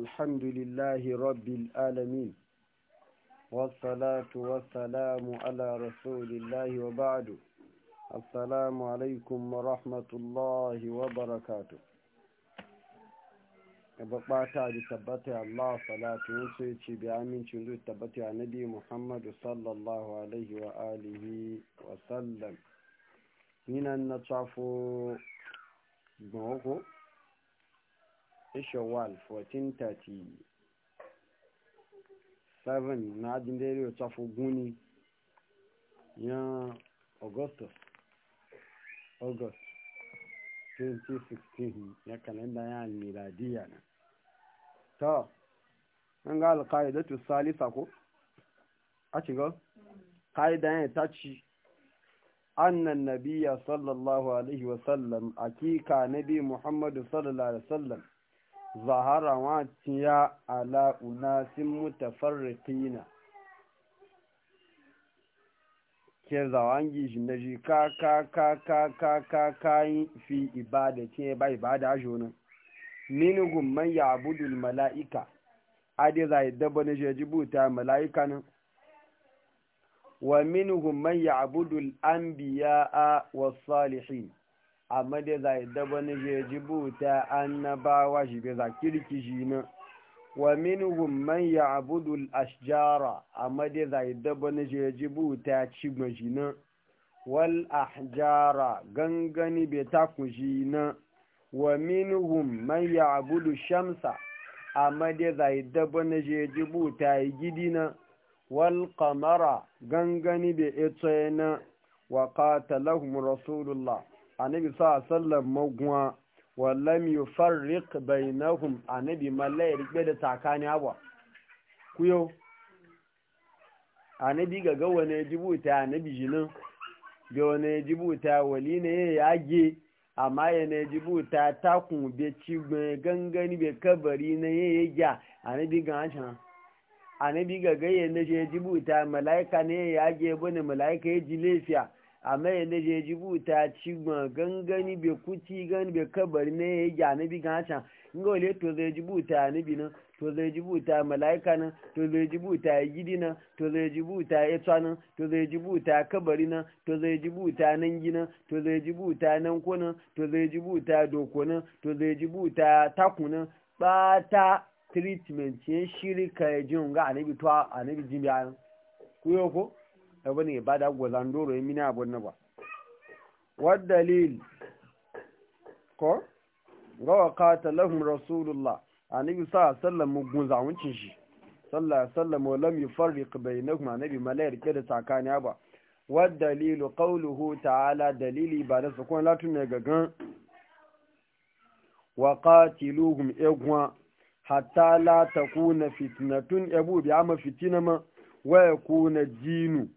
الحمد لله رب العالمين والصلاة والسلام على رسول الله وبعد السلام عليكم ورحمة الله وبركاته bukata da tabbata Allah salatu wasu ya ce biya amincin zuwa tabbata a nabi Muhammadu sallallahu alaihi wa na Ishawal 1437 na ajin daidai guni ya augustus august 2016 ya kalenda ya miladiya na ta an ga tu salisa ko a shiga ƙa'idan ya ta ci annan nabiya sallallahu alaihi wasallam akika nabi muhammadu sallallahu alaihi wasallam zahara wa tiya ala unasin mutafarriqina ke zawangi shi na ji ka ka ka ka ka ka kayi fi ibada ce ba ibada jonin mini gumman ya abudul mala'ika ade zai daba na jeji mala'ika nan wa ya abudul an biya a wasu salihin amma dai za yi daba ni je ji buta annabawa shi bai za kirki shi wa min man ya'budu Abudu, ashjara amma dai za yi daba ni je ji buta ci shi na wal ahjara gangani bai taku shi na wa minhum man Abudu, shamsa amma dai za yi daba ni je ji buta yi gidi wal Kamara gangani bai ito na wa qatalahum rasulullah annabi sa sallan magwa wallam yufarriq bainahum annabi mallai rike da takani abu ku yau annabi ga ga wani ta annabi jinin ga wani ta wali ne ya yage amma jibu ta takun be cigbe gangani be kabari na ya yage annabi ga hancin annabi ga ga yana ta mala'ika ne ya yage bane mala'ika ya ji lafiya amma yana je jibuta ci gangani be kuci gan be kabari ne ya na bi gacan in ga wale to zai jibuta ni bi nan to zai jibuta mala'ika nan to zai jibuta ya gidi nan to zai jibuta ya tsa nan to zai jibuta kabari nan to zai jibuta nan gina to zai jibuta nan ko to zai jibuta doko nan to zai jibuta taku nan bata treatment ya shirika ya ji ga anabi to anabi jimbi ayan ku yau ko ɗaba ne ba da gwazan doro yin mini abin na ba dalil ko ga wakata lahum rasulullah a nabi sa sallan gunza zawuncin shi sallah sallam wa lam yufarriq bainahum annabi malayar ke da tsakaniya ba wadalilu qawluhu ta'ala dalili ba da su kuma latin ne gagan wa luhun egwa hatta la fitinatun fitnatun ebu bi ama fitina ma wa kuna jinu.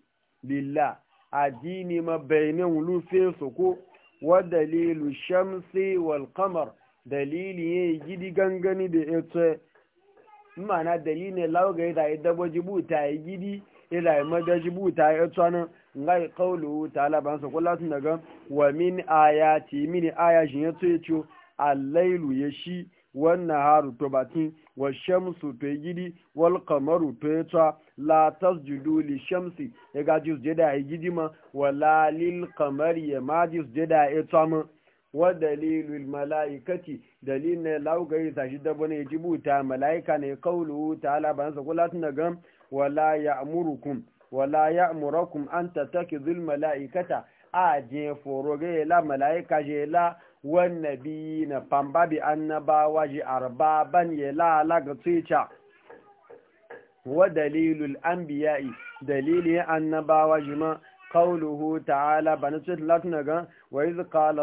lillah addini mabainin lufe su ko wa dalilu shamsi wal qamar dalili ya gidi gangani da ita mana dalili lauga da ya dabo jibuta ya gidi ila mada ta ya tsana ngai qawlu ta'ala ban sa kullatu daga wa min ayati min ayashin yato yato al-lailu yashi wannan naharu to batin wa shamsu to gidi wal qamaru to ta la tasjudu shamsi ya ga jus jeda ya gidi ma wala lil qamari ya ma jus jeda ya ta ma wa dalilul malaikati dalil ne laugai ta shi dabo ne jibuta malaika ne kaulu ta'ala ban sa kula tun daga wala ya'murukum wala ya'murakum an tatakidul malaikata a je foro ga la malaika je la wannabi na fambabi annabawa ji arba ban yi lalaga tuwita wa dalilul an biya yi dalili annabawa ji ma kauluhu ta'ala bani tuwita latina gan wa yi zika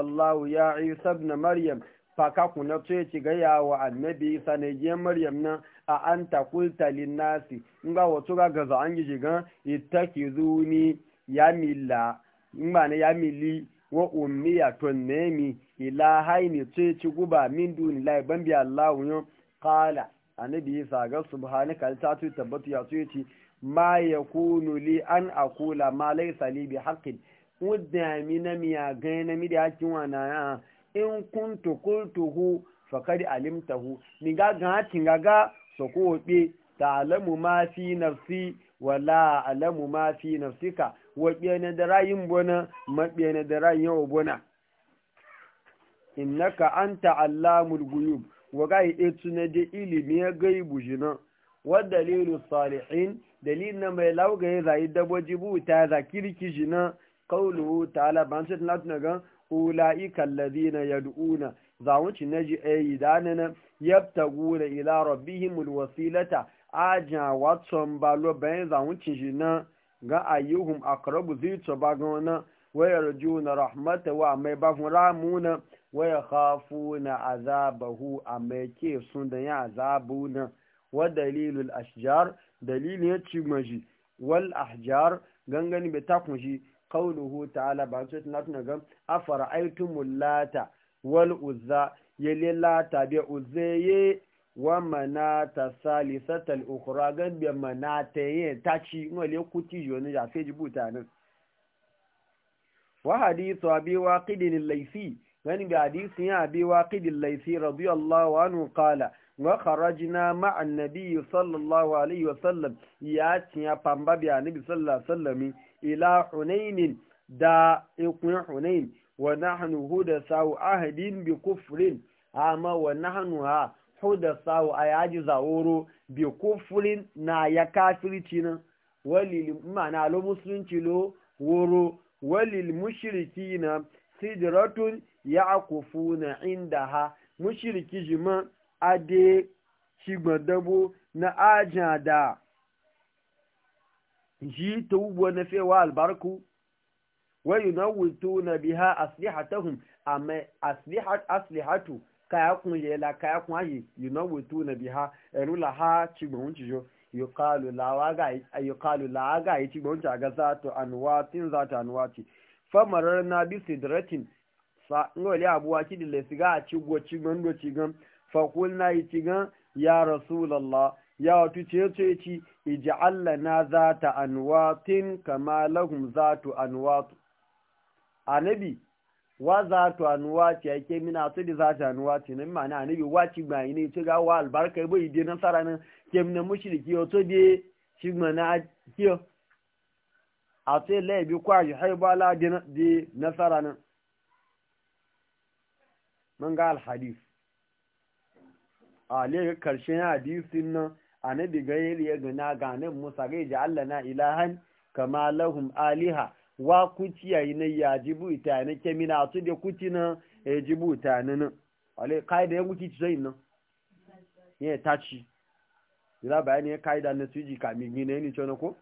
ya isa na maryam fakaku na tuwita gaya wa annabi sanayyar maryam na a an takulta linnasi in wato ga gaza an gijigan ita ki zuni ya mila ba na ya mili wa ummiya to nemi ila haini ce ci guba min duni lai ban biya Allah yun qala annabi isa ga subhanaka ta tu tabbatu ya su yace ma yakunu li an aqula ma laysa li bi haqqin wadami na miya ga na mi da hakin wana in kuntu qultuhu faqad alimtahu ni ga ga tin ga ga so ko be ta'lamu ma fi nafsi wala alamu ma fi nafsika waɓe na da rayin bona maɓe na da rayin bona innaka anta allamul guyub wa ga yi tuna da ilimi ya gai jina. wa dalilu salihin dalil na mai lauga ya zayi daboji buta za kirki jina kauluhu ta'ala ban sai na tunaga ulaika alladhina yad'una za wuci naji ayi danana yabtaguna ila rabbihimul wasilata aja watson balo bayan za wuci jina ga ayyuhum akrabu zai tsoba ga wani waya na rahmata wa mai bafin ramuna waya hafu na azabahu a mai ke sun da ya azabu na wa dalilul ashjar dalilin ya ci maji wal ahjar gangani bai takun shi kauluhu ta'ala ba su Na tuna ga afara aitumul lata wal uzza yale bai bi uzzaye wa manata salisatal ta gambe manata yin tachi wale kuti yoni ya feji nan wa a abi wa kidin laifi gani bi hadithin ya kidin laifi rabu Allah wa nun kala wa kharajna ma'an nabi nabiy sallallahu alaihi wa sallam ya tiya pamba bi annabi sallallahu alaihi wa sallam ila hunainin da ikun hunain wa nahnu huda sa'u ahdin bi kufrin amma wa nahnu ha sau da a yaji zaworo bi kufurin na ya kafirci nan walil ma'ana lo musulunci lo woro walil mushriki na sidratun ya kufu na inda ha mushriki jima ade shigbadabo na ajada ji ta na fewa albarku wayu na na biha aslihatahum aslihat aslihatu kaya kun je la kaya kun ayi yunawitu na biha la ha cigbon cijo yuqalu la wa ga waga yuqalu la ga yi cigbon ci aga zato wa ti fa marar na bi sidratin sa le abuwa ki dile siga a cigbo cigbon do fa kul na yi cigan ya rasulullah ya tu ce ce ci ij'al na wa tin kama lahum za wa anwat anabi wa za tu anuwa ce ake mina su da za ta anuwa ce nan ma'ana annabi waci ba ne ce ga wa albarka bai je nan sara nan ke mina mushriki o to de shi mana kiyo a ce laibi kwa yi de da nasara nan man ga alhadis a le karshen hadisin nan annabi ga ya gana ga nan musa ga ji Allah na ilahan kama lahum aliha wa kuci yayi na ya jibu ita ke mina to de kuci na ya e jibu ita na nan wale kaida ya kuci sai nan ya tachi ila bayani ya kaida na tuji kamin ne ni na ko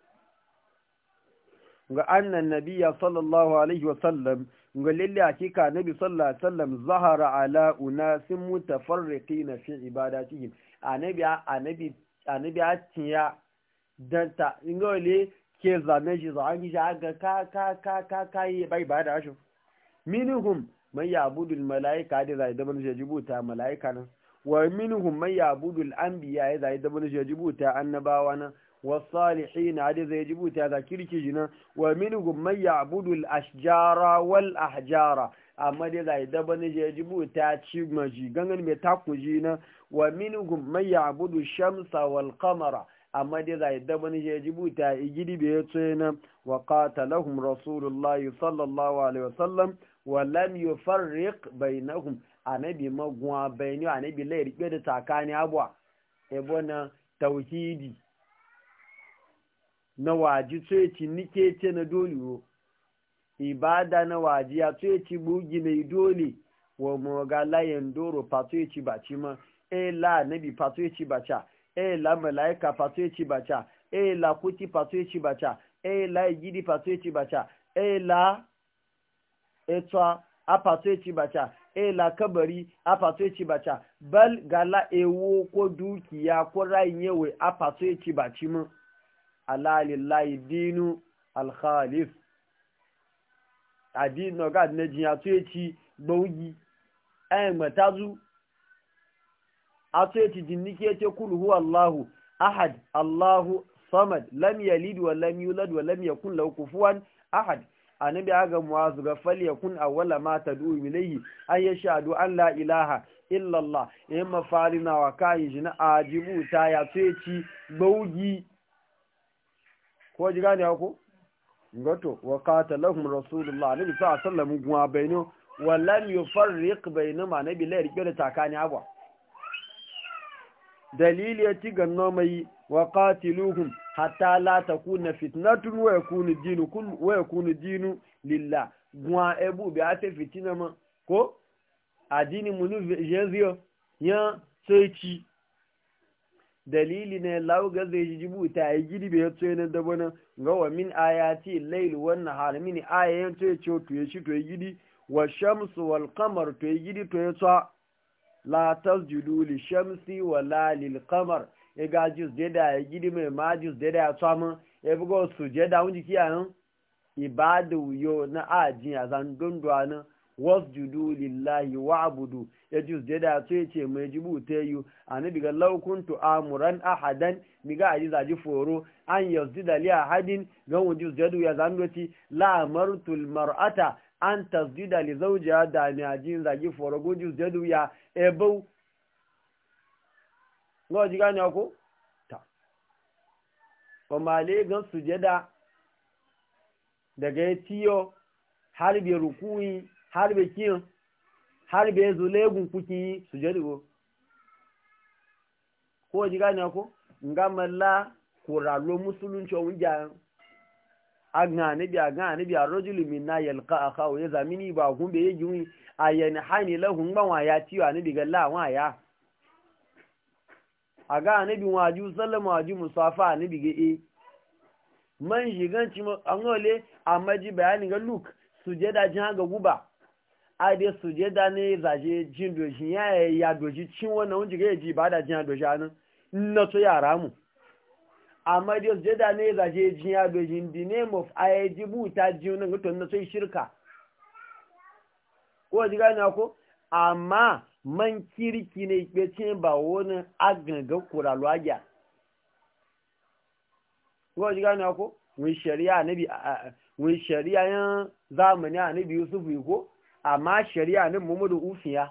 ga annan nabiyya sallallahu alaihi wa sallam ga lalle hakika nabi sallallahu alaihi sallam zahara ala unasin mutafarriqin fi ibadatihim anabi anabi anabi tiya danta ngole ke zane shi za a yi ga ka ka ka ka ka yi bai ba da shi minhum mai ya budu malaika da zai da bani yajibuta malaika nan wa mai ya budu an biya ya zai da bani yajibuta annabawa nan wa na da zai yajibuta za kirki nan wa minhum mai ya budu ashjara wal ahjara amma da zai da bani yajibuta ci maji gangan mai takuji nan wa mai ya budu shamsa wal kamara amma dai zai da wani buta a igidi ya yace na wa qatalahum rasulullahi sallallahu alaihi wasallam wa bi yufarriq bainahum anabi magwa bainu anabi lai rike da takani abuwa ebo na tauhidi na waji tsoyaci nike ce na dole ibada na waji ya tsoyaci bugi mai dole wa Yandoro, layin doro fa tsoyaci baci ma bi nabi fa tsoyaci baca e la malaika fato yace bacha e la kuti fato yace bacha e la gidi fato yace bacha e la etwa a fato yace bacha e la kabari a fato yace bacha bal gala ewo ko dukiya ko rayin yewe a fato yace bachi mu ala lillahi dinu al khalif adi no ga ne jinya to echi gbogi ai e matazu a so yace jinniki yace kul huwa Allahu ahad Allahu samad lam yalid wa lam yulad wa lam yakul lahu kufuwan ahad annabi aga muazu ga fal yakun awwala ma tad'u ilayhi ay yashhadu an la ilaha illa Allah yamma farina wa kai jina ajibu ta ya so yace baugi ko ji gane ko ngato wa qatalahum rasulullah annabi sallallahu alaihi wasallam gwa bayno wa lam yufarriq bayna ma nabi la yarike da takani abwa dalili ya ci ganno mai wa qatiluhum hatta la takuna fitnatun wa yakunu dinu kullu wa yakunu dinu lillah gwa ebu bi ate fitina ma ko adini munu jezio ya sai e dalili ne lauga zai ji jibuta ya gidi bai yato yana dabo nan ga wa min ayati lail wannan halmi ne ya ce to ya shi to ya gidi wa shamsu wal qamar to ya gidi to ya tsa la tasjudu li shamsi wa lil qamar e ga jus de da e gidi me ma jus de da tsamu e bugo sujada unji yin ibadu yo na ajin azan dondwa na wasjudu lillahi wa'budu e ya jus da da so ce mai jibu ta yu ani diga law kuntu amuran ahadan ga aji zaji foro an yasjuda li ahadin ga wujus jadu ya zandoci la martul mar'ata an tasdida li zawjiha da mi ajin zagi foro goju zedu ya ebo ngo jiga ni ko ta o male gan sujeda daga tiyo har bi rukui har bi kin har bi zulegun kuki sujedu go ko jiga ni ko ngamalla kuralo musulunci on aganabi aganabi arrojulu minna yalqa akhahu ya zamini ba kun be yi ayan hani lahum ban wa ya tiyo anabi ga la wa ya aga anabi waju sallama waju musafa anabi ga e man jigan ci an ole amma ji bayani ga look sujeda jin ga guba a de sujeda ne zaje jin dojin ya ya doji cin wannan wunji ji ba da jin doji anan na to yara mu amma Dios jada ne ya be jin the name of ayajibu ta jiyo nan gutu na sai shirka ko ji gani ko amma man kirki ne be cin ba wani agaga kura agya ko ji gani ko wai shari'a nabi wai shari'a yan zamani nabi Yusuf ko amma shari'a ne Muhammadu ufiya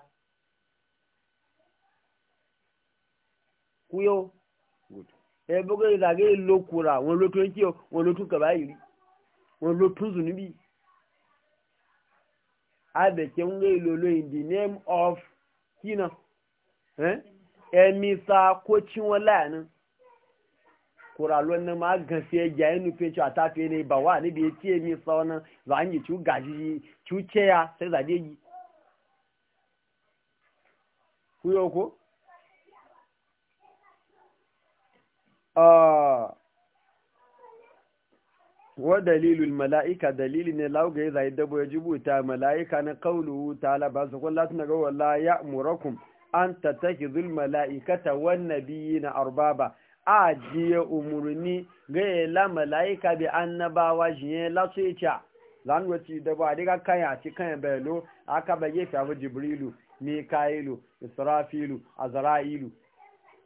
kuyo ẹgbogbo ìdàgé ìlòkùnra wọn ló tún kí wọn ló tún kàbá yìí wọn ló tún zùn níbí abẹ̀kẹ́ ń gé ìlòlò the name of kina ẹ̀mí sa kó tí wọ́n láàánú kura lọ́nà máa gàn sí ẹjà inú pẹ̀tù àtàfẹ́ ní ibà wà níbi etí ẹ̀mí sa ọ̀nà zàǹyì tí ó gàjì tí ó chẹ́ya sẹ́zàdé yìí wa dalilul mala'ika dalili ne lauga ya zai dabo ya jibuta mala'ika na kaulu ta'ala ba su kula suna ga wala ya murakum an ta take zul mala'ikata wannan biyi na arbaba a jiye umarni ga la mala'ika bi annabawa shi ya lasu ya ca zanwaci dabo a daga ya ci kan belo aka bayyana jibrilu mika'ilu israfilu azra'ilu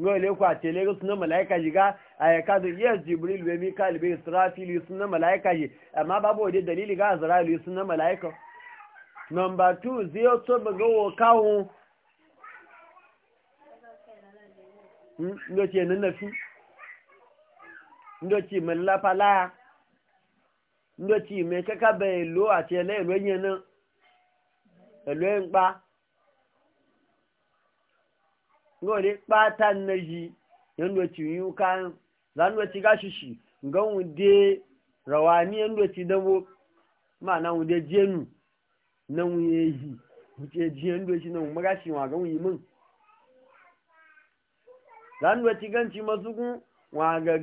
ngo le kwa tele ga malaika ji ga ay ka do yes jibril be mikael be israfil sunna malaika ji amma babu de dalili ga azrail sunna malaika number 2 zio to ga wo kawo hmm, ndo ce nan nafi ndo ce malla pala ndo ce me kaka be lo atele lo yin nan e lo pa ngole pata naji yando ci yukan zanwa ci gashi shi ngan wude rawani yando ci dabo mana wude jenu na wuye yi wuce jiyan doshi nan magashi wa ga wuyi mun zanwa ci ganci masu kun wa ga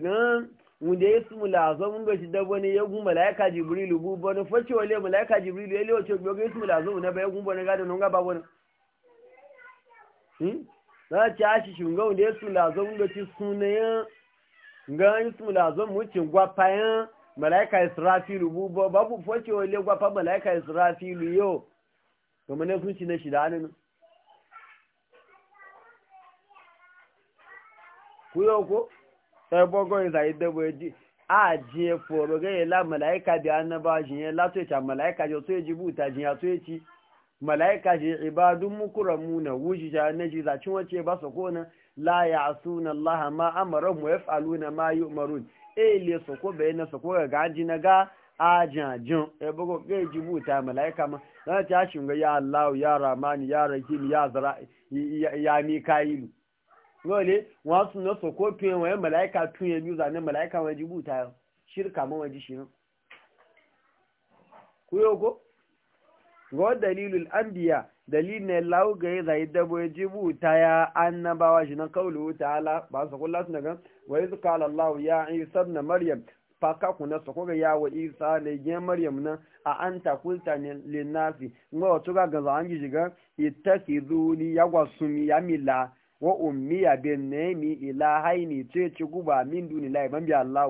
wunde ya su mulazo mun doshi dabo ne ya malaika Jibril jibrilu bu bani fashe wale malaika jibrilu ya ocho ce gbe ga ya su mulazo na ba ya gumba na gada nunga ba wani na ci ashi shunga wanda ya sula zon da ci sunayen ga yi sula zon mucin gwafayen malaika israfilu bubo babu foce wale gwafa malaika israfilu yo kuma ne sun ci na shida ne ku yau ko e sai bogo ya zai dabo ya e ji a jiye foro ga yi la malaika da annaba jiye la to e ya malaika ya to ya jibuta jiya to ya ci mala'ika shi ibadun mukuramu na wuji na ji zacin wace ba su kona la ya suna Allah ma amara mu yafalu na ma yi umarun e le su ko bai na su ko ga gaji na ga ajajin e bugo ga jibuta mala'ika ma na ta shinga ya Allah ya Rahman ya Rahim ya Zara ya Mikailu wale wasu na su ko tuye wa mala'ika tun tuye biyu zane mala'ika wa jibuta shirka ma ji shi ku yoko ga dalilul anbiya dalil ne lawo ga yi dabo jibu ta ya annabawa shi na ta ala. ba su kula su daga wa su kala allah ya sab na maryam faka na su koga ya wa isa ne ge maryam na a an ta kulta lin nasi wa to ga gaza an ji ga zuni ya gwasumi ya mila wa ummiya bin ila haini ce ci guba min duni lai ban bi allah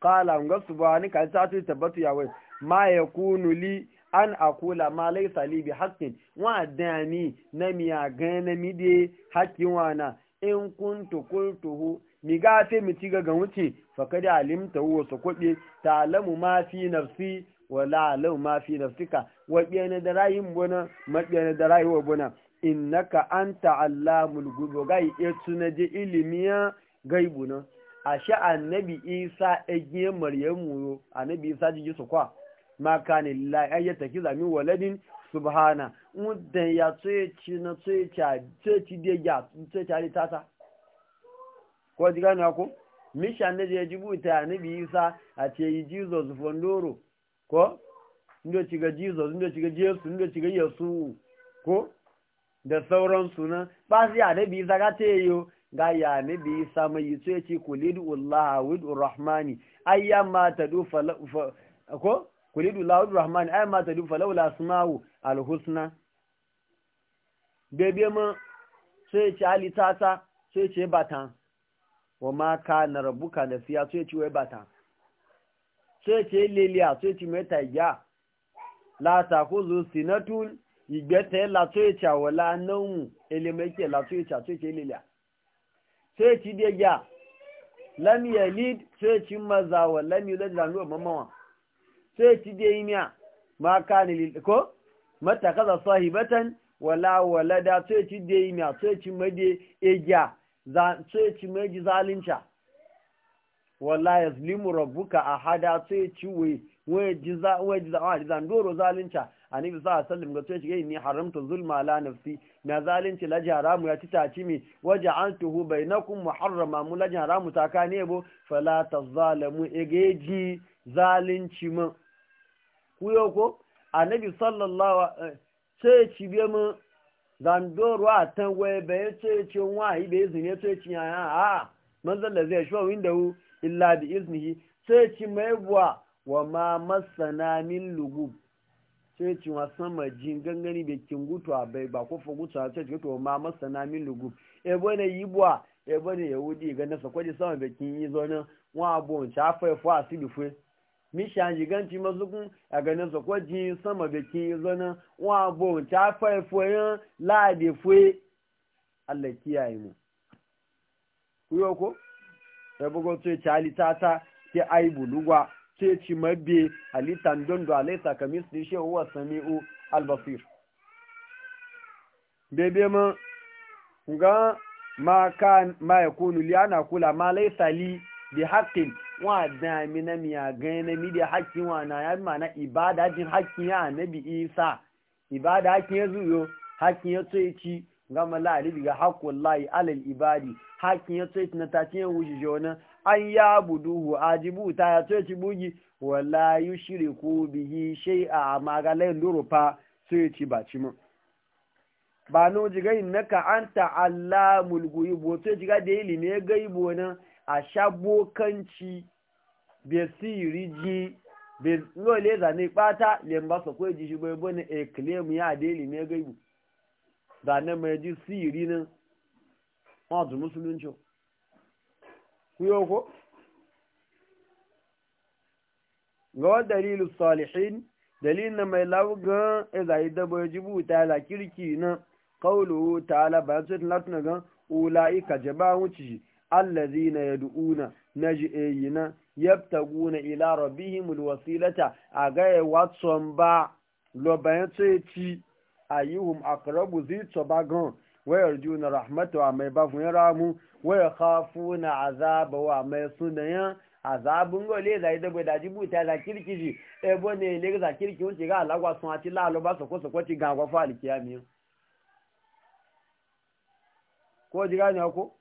kala ga su ba ni subhanaka ta tabbatu ya wai ma kunu li an akula ma laisa li bi haqqin wa dani na miya ga na mi de wa wana in kuntu qultuhu mi ga te mi ci ga wuce fa kada alimta wa su ta ta'lamu ma fi nafsi wa la alamu ma fi nafsika wa biyana da rayin bona ma biyana da rayuwa bona innaka anta allamul ghuyub gai etuna je ilimiya gaibu na ashe annabi isa egiye maryamu annabi isa ji su kwa ma la lillahi ta yatakiza min waladin subhana mudan ya tsoye ci na tsoye ci a tsoye ci da ya tsoye ci a ta ko ji gani ko mishan ne ji buta ya nabi isa a ce yi jesus fondoro ko inda ci ga jesus inda ci ga jesu inda ci ga yesu ko da sauran suna ba su ya nabi isa ga ta yi ga ya nabi isa mai yi tsoye ci kulidu allah wa rahmani ayyamma ta do ko kulidu la'udu rahman ai ma ta dufa laula sumawu alhusna bebe ma sai ce alitata sai ce bata wa ma ka na rabuka da siya sai ce wai bata. sai ce leliya sai ce mai tayya la ta kuzu sinatun igbeta la sai ce wala nan elemeke la sai ce sai ce leliya sai ce deja lam yalid sai ce maza wa lam yulad lanuwa mamawa sai ci da yi miya ma kane liliko mata kaza sahibatan wala walada sai ci da yi miya sai ci made egiya sai ci made zalunca wala yazlimu rabbuka ahada sai ci wai wai ji za ji za wai zan doro zalunca annabi sallallahu alaihi wasallam ga sai ci ni haramtu zulma la nafsi na zalunci la jaramu ya ci taci mi waja'altuhu bainakum muharrama mu la jaramu kane bo fala ta zalamu egeji zalunci mun kuyo ko annabi sallallahu sai eh, ci biye mu zandoro a tan waye bai ce ce wahi bai zine ce ci ya a manzon da zai shuwa winda hu illa bi iznihi sai ci mai buwa wa ma masana min lugub sai ci wa sama jin gangani bai kingutu a bai ba ko fagutu a ce to ma masana min lugub e bane yi buwa e na yahudi ga nasa kwaje sama bai kin yi zo nan wa abun ta fa fa asibi fe mishan jiganci mazukun a ganin sakwaji sama biki zanen wa bo ta faifoyin labe fwe Allah kiyaye mu kuyo ko sai bugo ce chali tata ke ai bulugwa ce ci mabbe alitan dondo do alaita kamis din she huwa samiu albasir bebe ma ga ma kan ma yakunu liana kula ma laisa li bi haƙƙin wa dami na miya gani na midiya haƙƙin wa na ya mana ibada jin haƙƙin ya nabi isa ibada haƙƙin ya zuyo haƙƙin ya tsoye ci gama la'ari daga haƙƙun layi alal ibadi haƙƙin ya tsoye ci na tafi yin wuce an ya buduhu ajibu ta ya tsoye ci bugi wala yi shiri ko bihi shai a magalayin durufa tsoye ci ba ci mun. ba no jiga innaka anta allamul guyub wato jiga da ilimi ya nan a sha bokanci bai siri ji bai lole zane ɓata lemba su kawai ji shi bai e bane a e claim ya deli ne gaibu zane mai ji siri nan wajen musulunci kuyo ko ga wa dalilu salihin dalilin na mai laugan izayi e dabo ya ji buta la kirki na nan ta ala bayan tun latin ga gan ula'ika jaba wuce shi allazina yad'una najiyina yabtaguna ila rabbihim alwasilata agaye watson ba lo bayan ci e e ayyuhum aqrabu zi tobagan wa yarjuna rahmatu mai e ba fun ramu wa yakhafuna azaba wa mai sunaya azabun go zai dabo da jibu ta da kirkiji e ne le za kirki wuce ga alagwa sun ati la ba so ko so ko ti ga gwa fa ko jiga ne ko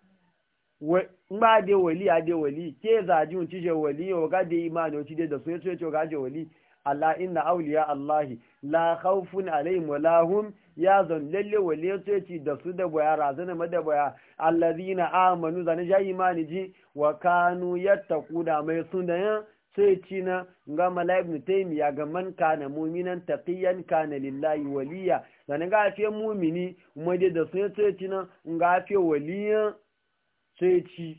ngba de wali a de wali ke zaji un je wali o ga de imani o de da so yace yace ga je wali Allah inna awliya Allah la khawfun alaihim wa lahum ya zan lalle wali yace yace da su da boya razana mada boya allazina amanu zan ja imani ji wa kanu yattaquna mai sunan sai ci na ga malaik ibn taymiya ga man kana mu'minan taqiyan kana lillahi waliya zan ga afiyan mu'mini umma da su sai ci na ga afiyan waliya. sai ci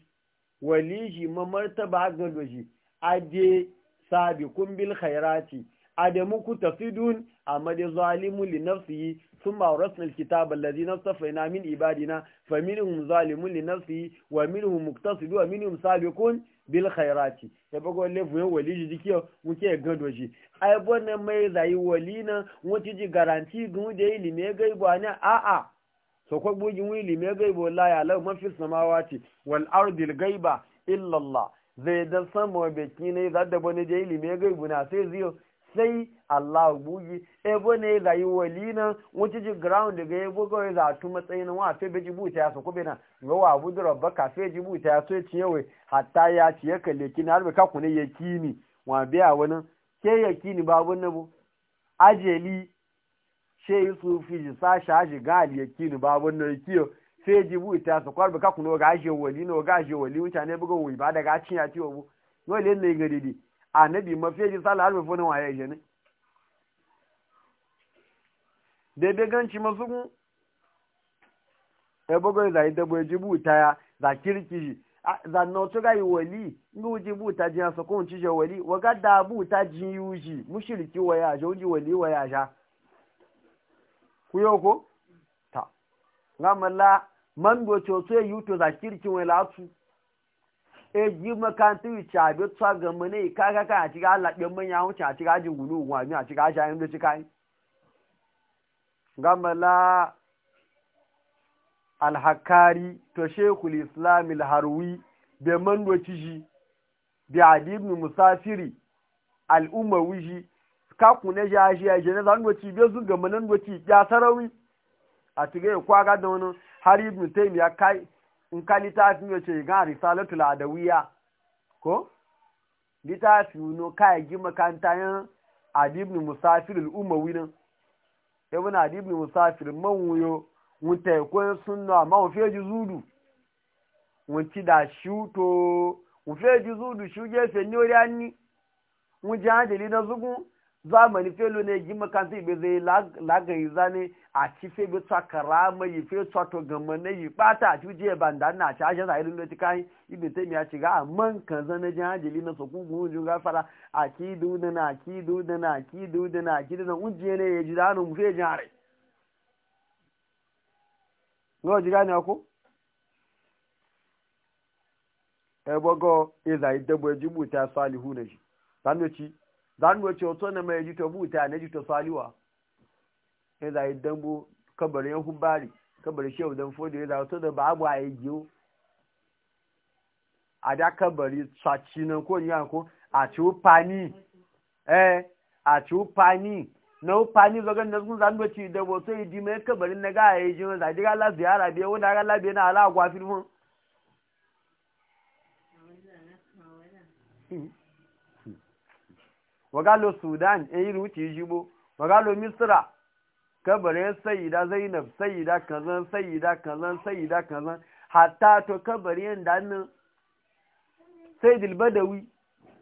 walihi mamartaba ga doji ade sabiqun bil khairati adamu ku tafidun amma da zalimu li nafsihi thumma awrasna alkitaba alladhi nastafaina min ibadina faminhum zalimun li nafsi wa minhum muqtasidu wa minhum sabiqun bil khairati ya bago le vuyo wali ji dikiyo muke gado ji ai bonne mai zai walina, na wuti ji garanti gun da ilimi ga ibana a a sokwa bugin wili me gaibo la ya lau mafi samawati wal ardil gaiba illa Allah zai da samu be kine za da bane je ili me gaibo na sai ziyo sai Allah bugi e bane ga yi wali na wuce ji ground ga e bugo ya za tu matsayin wa fe be jibuta ya sokwa be na ga wa budu rabbaka fe buta ya so ciyewe hatta ya ci ya kalle kina har be ku ne yakini wa biya wani ke yakini babu nabu ajeli ṣe yusufi ji sashi aji gali ya kini babun na kiyo sai ji bu ita su kwarbi kaku no gaje wali no gaje wali mutane buga wuri ba daga cin ya ciwo bu no le ne gari di annabi mafi ji sala harbe fona waye je ne debe ganci masu mu e bugo za ida bu ji bu ita ya za kirki za no to ga wali ngu ji bu ta ji aso ko unci je wali waga da bu ta ji yuji mushriki waya je wali waya ja kuyo ko ta ngamala man go choto yu e yuto za kirkin wala tu e ji makanti wi chabe tsa ga mane ka ka ka ci ga la din manya wuce a ci ga ji gulu wa ni a ci ga shayin da ci kai ngamala al-hakari to shekul islam al-harwi be man go ci ji bi adib musafiri al umawiji kaku na jashi ya jene zan wati be zu ga manan wati ya sarawi a cikin kwa ga da wani har ibn ya kai in ka litafin ya ce ga risalatul adawiya ko litafi no kai gi makanta yan adibn musafir al umawi nan e ibn adibn musafir man wuyo wuta e ko sunna ma o feji zudu wunti da shuto o feji zudu shuge fe ni ori anni wun jahajeli na zugun zamani felo ne gi makanta ibe zai lagayi zane a ci fe bi tsa karama yi fe tsa to gama ne yi bata a cikin banda na ci ashe sa irin lokaci kai ibe ta miya ci ga man kan zane jin hajjili na soku mu jun gafara a ki duda na ki duda na ki duda na ki duda ujiye ne ya ji da hannun fe jin hare. Ngo ji gane ko? Ebogo iza e idabo ya e jibuta salihu na shi. Sanoci zan wace wato na mai jito buta na jito saliwa ya zai dambo kabar yan hubari kabar shehu dan fodi ya zai wato da babu a yi giyo a da kabari sachi nan ko ni ko a ci upani eh a ci upani na upani zogan na sun zan wace da wato yi jime kabar na ga yi jime zai diga la ziyara biya wanda ga la biya na ala agwa mu. wagalo sudan in yi ruci jibo wagalo misra kabarin sayida zainab sayida kazan sayida kazan sayida kazan hatta to kabarin da nan sayidil badawi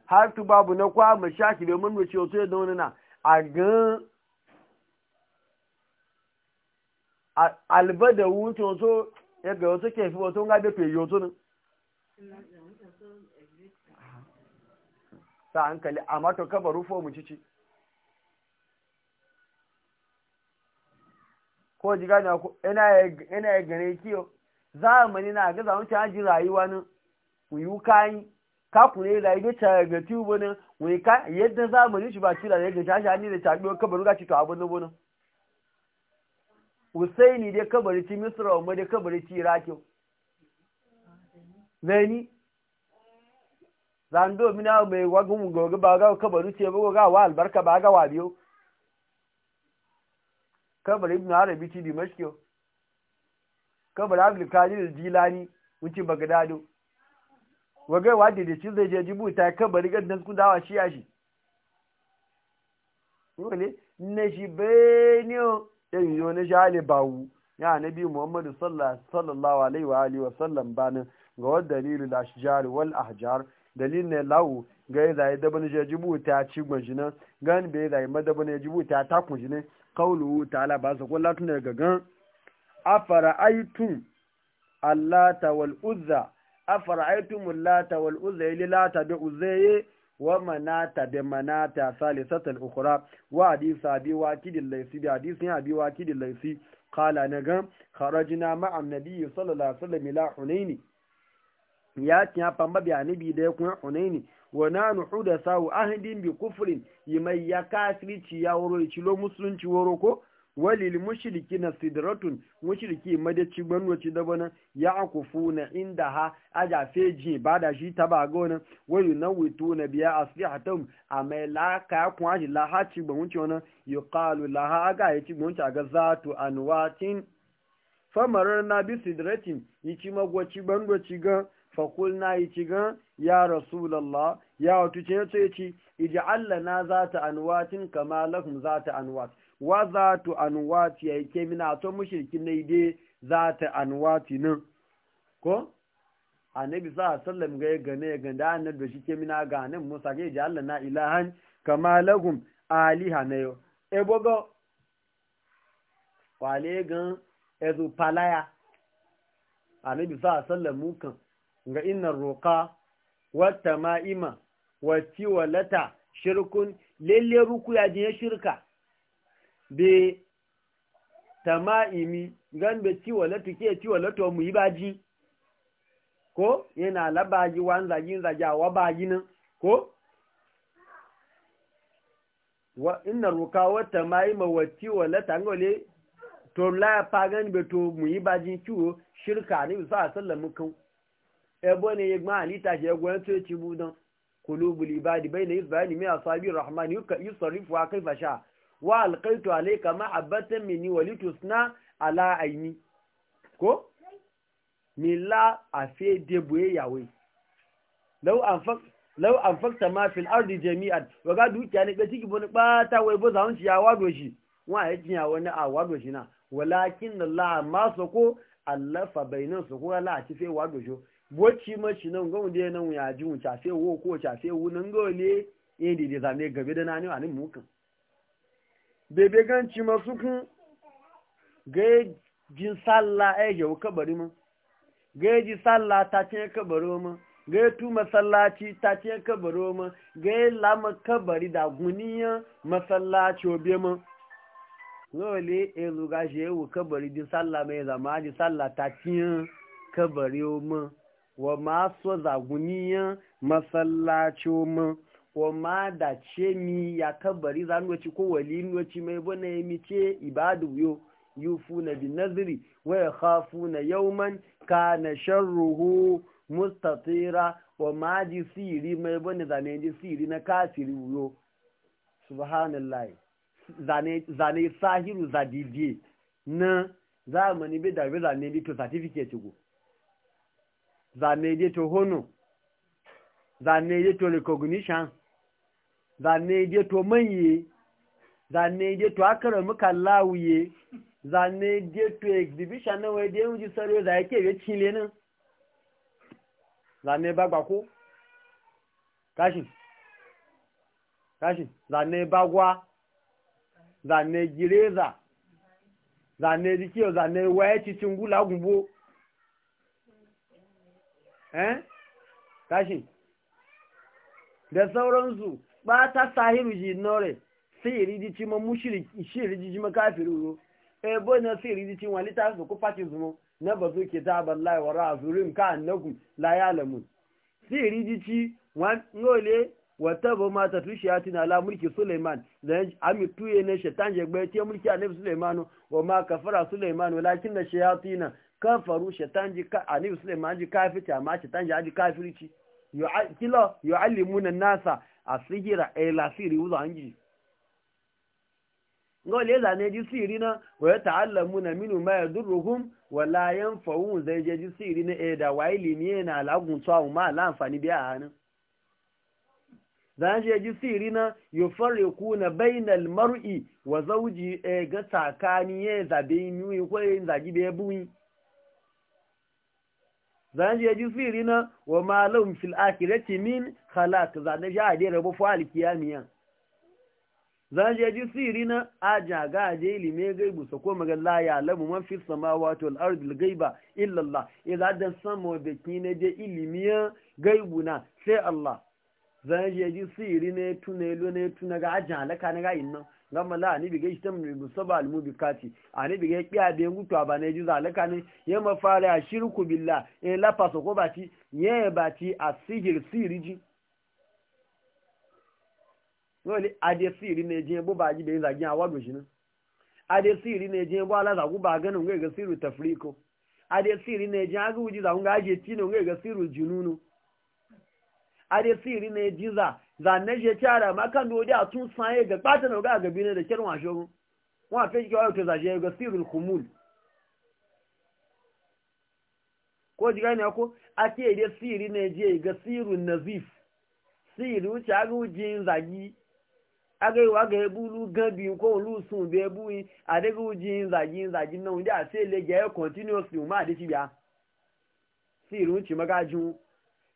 har tu babu na kwa mashaki domin ruci wato da wani na a gan albadawi wato ya ga wato kefi wato ga da fe yoto sa hankali amma to kaba rufo mu ci ko ji na ku ina ya gane kiyo zamani na ga zamu ta ji rayuwa nan ku yi kai ka ku ne rayuwa ta ga tubo nan wai ka yadda zamani shi ba ci ne ga tashi hannu da ka kabaru ga ci to abun nan bonan Usaini dai kabari ci Misra, Umar dai kabari ci Iraki. Zani, zando mina mai wagun gobe ba ga kabaru ce ba ga wa albarka ba ga wa biyo kabar ibn arabi ti di mashkiyo kabar abdul kadir jilani wuce bagdado wagai wa da ci zai je jibuta kabar gaddan ku dawa shi yashi dole ne shi benio da yi ne jale bawu ya nabi muhammadu sallallahu alaihi wa alihi wa sallam banin ga wadda dalilul ashjar wal ahjar dalil ne lawu ga ya zai daban ya jibu ta ci gwanjina gan bai zai madaban ya jibu ta ta kunjina kaulu ta ba su kullu tun daga gan afara aitun allata wal uzza afara aitun mulata wal uzza ili lata bi uzzaye wa manata bi manata salisatal ukura wa hadisa bi wa kidin laisi bi ya bi wakidil laysi qala naga kharajna ma'a nabiyyi sallallahu alaihi wasallam ila hunaini ya ci ya famba biya ni bi da ya kuma hunaini wa na nuhu da sawu ahadin bi kufrin yi mai ya kafirci ya wuro ya lo musulunci woro ko walil mushriki na sidratun mushriki madaci ci da bana ya akufu na inda ha aja feji ba da shi ta ba gona wayu na wito na biya aslihatum a mai a ya kuma la laha ci gbanwaci kalu yuqalu ha aga ya ci gbanwaci a ga zatu anwatin famarar na bi sidratin yi ci magwaci ci gan fakulna yi ci gan ya rasulallah ya wato ce ce ci ij'al na zata anwatin kama lahum zata anwat wa zatu anwat ya yake mina to mushrikin ne dai zata anwati nan ko annabi sa sallam ga gane ga da annabi shi ke mina ga nan musa ga ij'al na ilahan kama lahum aliha ne yo e bogo wale gan ezu palaya annabi sa sallam mu kan ga inna roƙa wata ma'ima wati walata shirkun lalle ruku ya jiye shirka be tama'imi gan be ci walata ke ci walata mu yi baji ko yana labaji wa zagin zagi a wabaji nan ko wa inna roƙa wata ma'ima wati walata ngole to la pagan be to mu yi baji ciwo shirka ne bisa sallan mukan ebo ne yegma alita je gwen to ci budan qulubul ibadi bayna yusbani mi asabi rahman yusrifu wa kaifa sha wa alqaitu alayka mahabbatan minni wa litusna ala aini ko milla afi debo yawe law anfaq law anfaqta ma fil ardi jami'an wa ga dukiya ne gaci gibon bata wai bo zawun ya wado shi wa ya jiya wani a wado shi na walakin allah ma soko allafa bainan su ko la ci fe wado shi bocci mashi nan ga wanda nan ya ji wuce sai wo ko cha sai wu nan ga ne eh di da zane gabe da nani anin mukan bebe ganci masu kun ga jin salla ai e yau kabari mu ga ji salla ta ce kabaro mu ga tu masallaci ta ce kabaro mu ga lama kabari da guniya masallaci obe mu lole e lugaje wu kabari din sallah mai e zama ji sallah ta ce kabari mu wa ma so zaguniyan masallacin wa ma da ce mi ya kabari za noci ko wali noci mai bane mi ce ibadu yo yufu na bin naziri wa ya khafu na yauman ka na sharruhu mustatira wa ma ji siri mai bane zane ji siri na kasiri yo subhanallah zane zane sahiru zadidiye na zamani bi da zane bi to certificate go zane je to hono zane je to recognition zane je to manye zane je to akara muka lawuye zane je to exhibition na waje yin ji saro za yake ya cile nan zane bagba ko kashi kashi zane bagwa zane gireza zane jikiyo zane waye cikin gula gumbo eh tashi da sauransu ba ta sahiru ji nore sai ji ci man mushiriki shiri ji ji makafiru ro e eh, na sai ji ma wan lita su ku fati zumo na bazu kitaban lai wa razurin ka annakum la ya'lamun sihiri ji ci wan wata ba ma ta tushi atin ala mulki Suleiman da ami tuye ne shaitan je gbe te mulki annabi Suleimanu wa ma kafara Suleiman walakin na shayatina faru shaitan ji ka anabi suleiman ji kafirci amma shaitan ji aji kafirci kilo yu'allimuna nasa a ila siri wuzo hanji ngo le zane ji siri na wa yata'allamuna minhu ma yadurruhum wa la yanfa'un zai je ji siri na e da wai limiye na lagun tsawo ma la amfani biya hanin zan je ji siri na yufarriquna bainal mar'i wa zawji e eh, ga tsakani ye zabe ni ko yin zagi be buyi zan je ji firi na wa malam fil akhirati min khalaq zan je ade rabo fa alkiyamiya zan je ji firi na aja ga je ilime gaibu sa ko magan la ya lamu man fi samawati wal ardi al gaiba illa allah idan e dan samu da kine je ilimiya gaibu na sai allah zan je ji firi ne tunelo ne tunaga aja halaka na ga innan gama la ni biga ishtam musaba almubikati ani bi biga kiya be ngutu abane juza alakani ye mafara ashirku billah e la paso ko bati ye bati asihir siriji wole ade siri ne je bo baji be za gyan awado shi na ade siri ne je bo ala za ku ba ganin ga e siru tafriko ade siri ne je aga e uji za ku ga je tino ga siru jununu ade siri ne jiza zanne je cara ma m'aka dodi a tun sanye ga na ga ga bine da kirwa shogun wa fe ki wayo to zaje ga sirul khumul ko ji gane ko a ce da siri ne je ga sirul nazif siru cha ga ujin zagi aga yi wa ga ebulu gabi ko lu sun be ebu yi adega ujin zagi zagi na unja se le ga continuously ma de ti bia siri chi magajun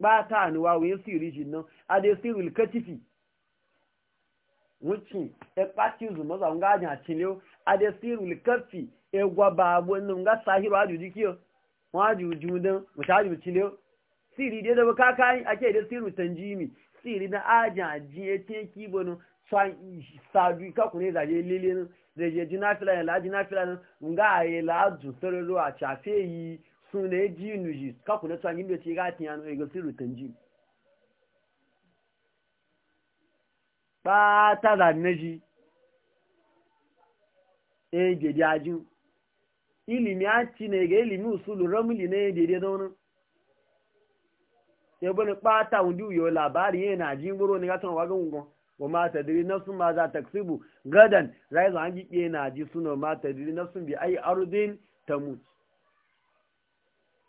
bata anuwa wen siri jinna ade sirul katifi wucin e pati zuma za nga jan chinleo ade sirul kafi e gwa babo nun ga sahiru aju dikio waju judan mutaju chinleo siri de da ka kai ake de siru tanjimi siri na ajan ji e te kibono sadu ka kune da je lele zai je jinafila ya la jinafila nga aye la ju sororo a chafe yi suna ya ji nuji na tsanyin da ce gati ya nuna e gasi rutan ji ba ta ji e gedi ajin ilimi a na ne ga ilimi usulu na ne daidai zaunin sai e bani ɓata wunji yau labari yana e jin buro ne gasan wagon ungon wa mata diri na sun ma za ta gadan rai zan ji na ji suna mata diri na sun bi ai arzin ta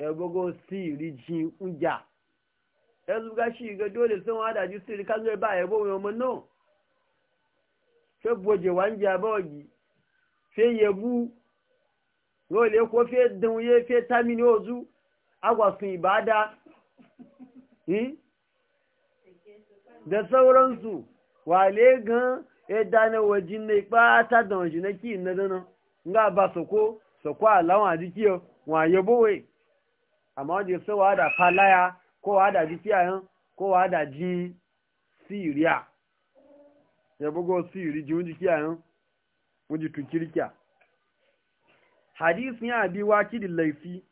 ebogo siri ji nja yanzu shi ga dole sun wada ji siri kan zai ba yabo mai omen no fe boje wanja ba ogi fe yebu dole ko fe dunye fe tamini ozu agwa sun ibada da sauransu wale gan ẹ̀dá e na wajin na ipa ta da na ki na dana nga ba soko soko alawan adiki wọn ayebo wei Amma wajen jẹ́ sọ wa dà falaya, ko wa dà jí ko wa wàá dà jí síríà yẹ̀bọ́gọ́ sírí ji, oúnjẹ kíáyán oúnjẹ tún kiri kíá. hadisi yẹn bi wá kí laifi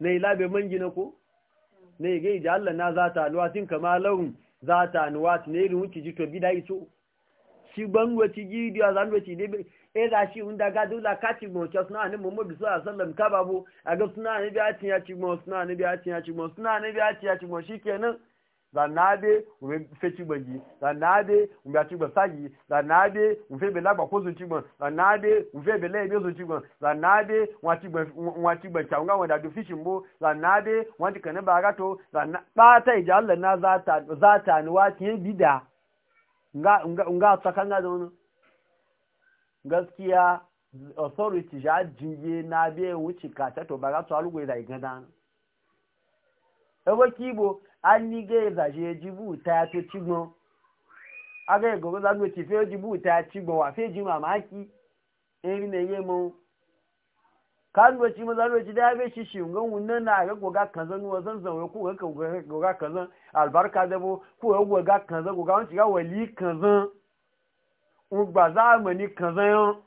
na ilabe man mangina ko na ga ija Allah na za ta alwatin kama laurin za ta anuwa na irin wuce ji to bida iso shi ban wace gidiya zan eza shi unda ga dula ka ci mo cho suna ni muhammadu sallallahu alaihi wasallam ka babu ga suna ni biya ci ya ci mo suna ni biya ci ya ci mo suna ni biya ci ya ci mo shikenan zanabe ume fe cigbanji zanabe ume umbe saji zanabe be bela agbakozo cigban zanabe ufe bela emezo cigban zanabe nwa cigban kyawunga wani du fishin bo zanabe wa ti kanin ba bata ija allah na ta ni wa tiye bida nga nga nga da wani gaskiya authority ja jiye na biye wuce kata to ba ga su alugo ya zaiga da na ebe kibo an ni ga ya zaje jibu ta ya to cigbon aga ya gogo zanu ci fe jibu ta ya cigbon wa fe ji mamaki eri na ye mu kan go ci mu zanu ci da be shi shi ngan wannan na ga goga kanzan wa zan zan ko ga goga zan albarka da bo ko goga kanzan goga wanci ga wali kanzan ba zamani kazayan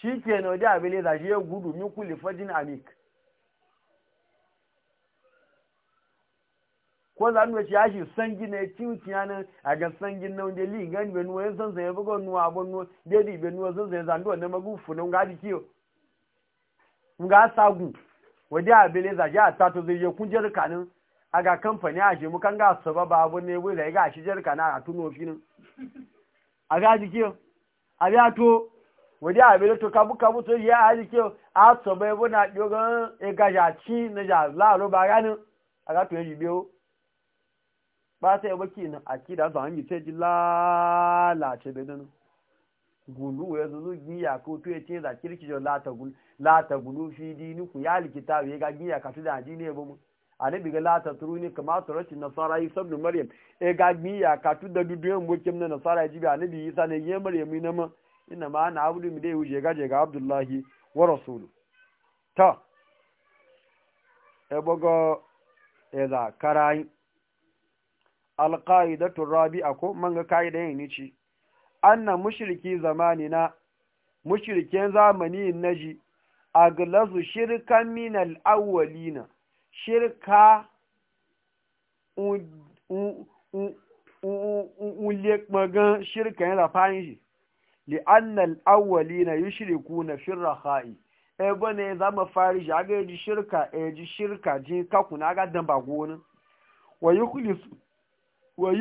shi ke na wajen abin da shi ya gudu min kulle amik ko za nuna ya shi sangi na cin ciyanin a ga sangin na wajen li gani bai nuwa yin ya buga nuwa abin nuwa daidai bai nuwa sansan ya zandu wannan magufu na nga di kiyo nga sagu wajen abin da shi a tato zai je kun jerkanin a ga kamfani a shi mukan ga sababa abin ne wai da ya ga shi na a tuno finin a ga kiyo a biya to wadi a bi to kabu kabu to ya a ji a to bai buna dogon e gaja ci na ja la ba gani a ga to yi biyo ba sai ba baki na a ki da zuwa an yi ce ji lalace la ce be dan gulu ya giya ko to ya ce za kirki jo lata gulu fi dini ku ya likita ya ga giya ka tu da ji ne ba mu annabi ga lata turuni kamar turashin nasara yi sabbin maryam e ga miya ka tu da duduyan bokin na nasara ya jibi annabi yi sanin yi maryam ina ma ina ma na abudu mi dai wuce gaje ga abdullahi wa rasulu ta e bogo e da karai alqaidatu rabi'a ko manga kaida yin ni ci anna mushriki na mushrikin zamani naji aglazu shirkan min al-awwalina shirka wule magan shirka yana fahimci shi li'annal awwali na yi shiriku na firra ha'i ebe ne za mu fari shi aga yaji shirka yaji shirka jin kaku na aga dan bago wani wa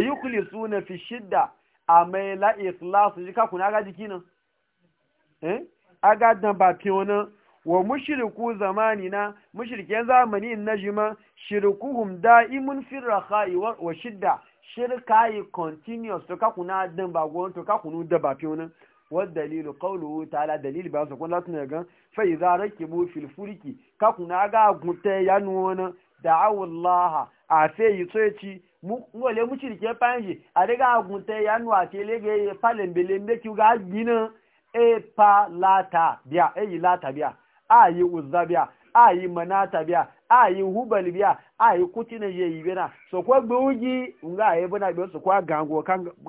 yi kulisu na fi shidda a mai lasu ji kaku na aga jiki nan eh aga dan ba fi wani wa mushriku zamanina mushriken zamani na jima shirkuhum da'imun fi rakha'i wa shidda shirka yi continuous to ka kuna dan ba gon to ka kunu da ba fiona wa dalilu qawluhu ta'ala dalil ba su kun latuna ga fa idza rakibu fil fulki ka kuna ga gunte yanu nuwana da'u Allah a fe yi mu ngole mushrike panji a daga gunte ya nuwa te lege palembelembe ki ga gina e pa lata biya e yi lata biya Ayi yi uzza biya ayi manata biya ayi hubal biya ayi kutina kuti na je yi bena so kwa gbogi nga a yi bina so ko gango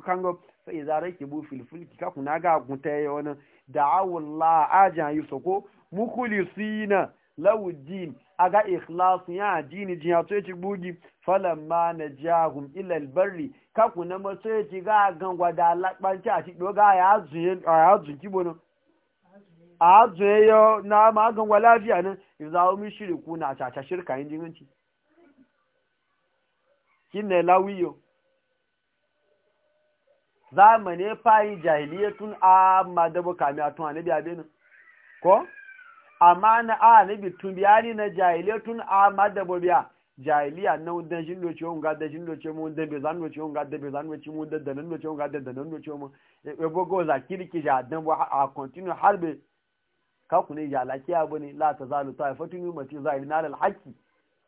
kango sai zarar ki bu ki ka kuna ga gunta ya wani da'awullah aja yi so ko mukulisina lawuddin aga Ikhlas, ya jini ya to ci bugi falamma najahum ila albarri ka kuna ma so ci ga gangwa da labanci a ci doga ya zuye ya zuki bono a tsayayyar na magan walafiya lafiya nan izawo mi ku na caca shirka yin jiminci shi ne lawiyo zamane fayin jahiliyatun a madabu kamiya tun a nabi abenin ko amma na a nabi tun biya ni na jahiliyatun a madabu biya jahiliya na wudan shi doce wun ga dashin doce mu wudan bezan doce wun ga da zan doce mu wudan danan doce wun ga da danan doce mu ebogo za kirki ja dan a continue harbe kaku ne ya lakiya bane la ta zalu ta fatu mi mati zahiri na al haqi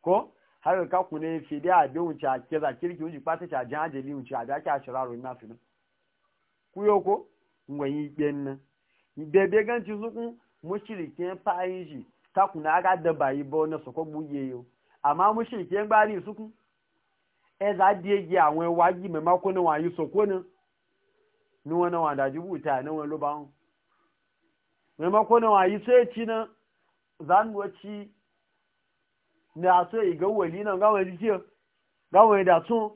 ko har kaku ne fi da bi wuce a kira kirki wuce fata ta jajali wuce a da ka shiraro na fi ku yo ko ngwayi ben bebe ganci zukun mushrikin fayin shi kaku na aga daba bayi bo na soko buye yo amma mu mushrikin gbari sukun e za die gi àwọn waji me mako na wa yi soko na ni wona wa da jibuta na won lo ba maimakon wa yi sai ci nan ne a so iga wali nan gawon jikiyo wani da sun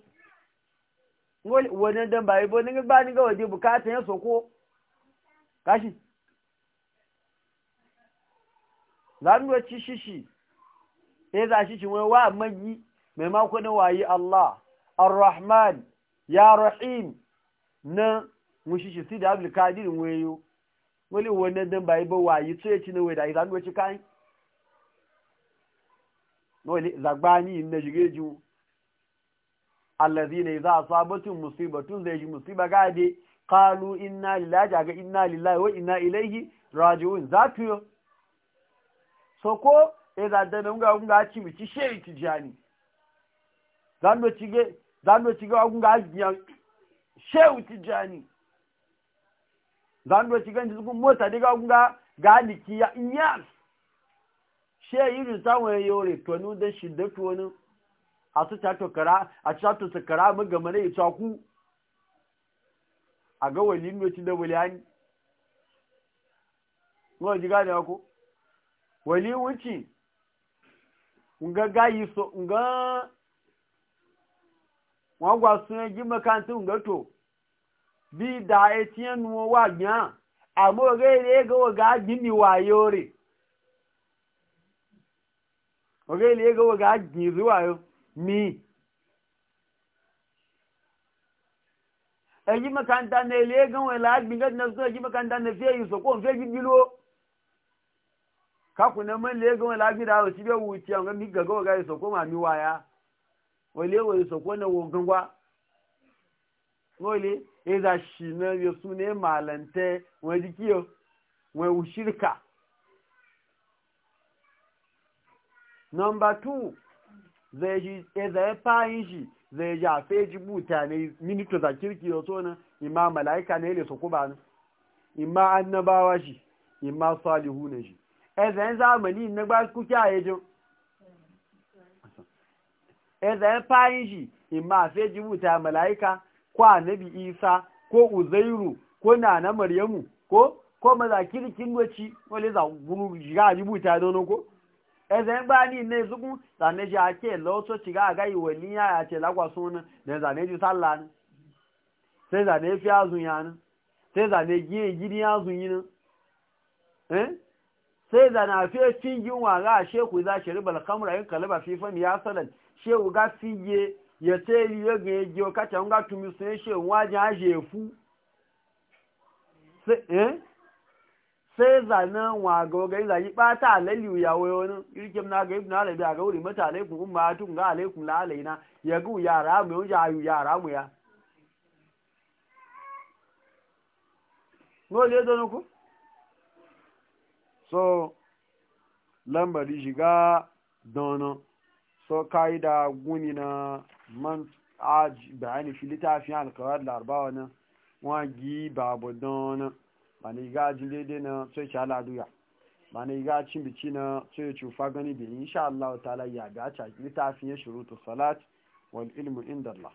wani dan bayi bo ni gba ni gawon je bukata ya soko kashi zanuwaci shishi ya e za shi ci wani wa magi maimakon wa yi Allah ar-Rahman ya Rahim na mushishi si da Kadir wayo wani wannan dan bai ba wayi to ya ci ne wai da izan wuce kai wani zagbani na jige ju allazina idza musiba tun zai ji musiba gade kalu inna lillahi ga inna lillahi wa inna ilaihi raji'un zafiyo soko idza dana nga nga ci bi ci shei ti jani zan do ci ge zan do ci ge nga shehu ti jani zando ci ganci sukun mota diga ga galiki ya iya she yiri samun yore tonu da shi da tonu a su ta kara a ta to su kara mu ga mare ita ku a ga wani no da wuliyani ngo ji ga da ku wali wuci nga gayi so nga wa gwa gima kan tun ga to bí da etí ẹnu wọn wà gbìyàn ga ọ̀rẹ́ ilé ẹgbẹ̀wọ̀gá gbìn ní ga rẹ̀ ọ̀rẹ́ rị ẹgbẹ̀wọ̀gá gbìn rí wàyó mi ẹ̀yí mẹ́kàntà ní ilé ẹgbẹ̀wọ̀n láàgbìn gẹ́gẹ́ tó ẹ̀yí mẹ́kàntà ní fẹ́ yìí sọ̀kọ́ fẹ́ gbí ló kákùnlẹ̀ mọ́ ilé ẹgbẹ̀wọ̀n láàgbìn dáhùn síbẹ̀ wù ti àwọn wole eza shi na yosu ne malante wọn jikiyo wọn wushirka number two zai eza ya fayin shi zai ji a feji buta ne minito za kirki yoso na ima mala'ika ne ile su kuba ne ima annabawa shi ima salihu ne shi eza yin zamani na gba kuke a yajin eza ya fayin shi ima feji buta mala'ika ko annabi isa ko uzairu ko nana maryamu ko ko maza kirkin doci wale za guru shiga rubuta dono ko ẹzẹ̀ bá ní ilé ìsúkún tàníṣẹ́ àti ẹ̀lọ́tọ́ ti gáàgá ìwẹ̀ ní àti ẹ̀lágbàsún ní ẹ̀zànẹ́jú sálà ní tẹ́zànẹ́ fi azùn yà ní tẹ́zànẹ́ jí èyí ní azùn yìí ní tẹ́zànẹ́ àfi ẹ̀fí yíwọ̀n àgá àṣẹ́kù ìzá ṣẹ̀rẹ̀bàlá kámúra yín ya fífẹ́ mi yá sọ́lẹ̀ ṣé yẹtẹ ga gan eji ọkacha nga tumi sun eṣe wọn ajá ajá efu sẹ́ẹ̀zà náà wọn àgọ́ ọgẹ́ ìzà yí pátá àlẹ́lì ìyàwó ẹ̀wọ̀n ìrìkẹ́m náà gẹ̀ẹ́bù náà na àgọ́ bi mẹ́ta àlẹ́kùn ó máa tún gáà lẹ́kùn láàlẹ́ iná yẹ̀gù yàrá mi ó yà ayù yàrá mi ya. ní olè dọ́nu kú. so lambari shiga so kaida gúnni man aj bayani fi littafin alkawar larabawa nan wagi babu don ba ne ga jilede na sai ci aladuya ba ne ga cin biki na sai cufa gani da insha Allah ta'ala ya ga ta littafin ya shurutu salat wal ilmu inda Allah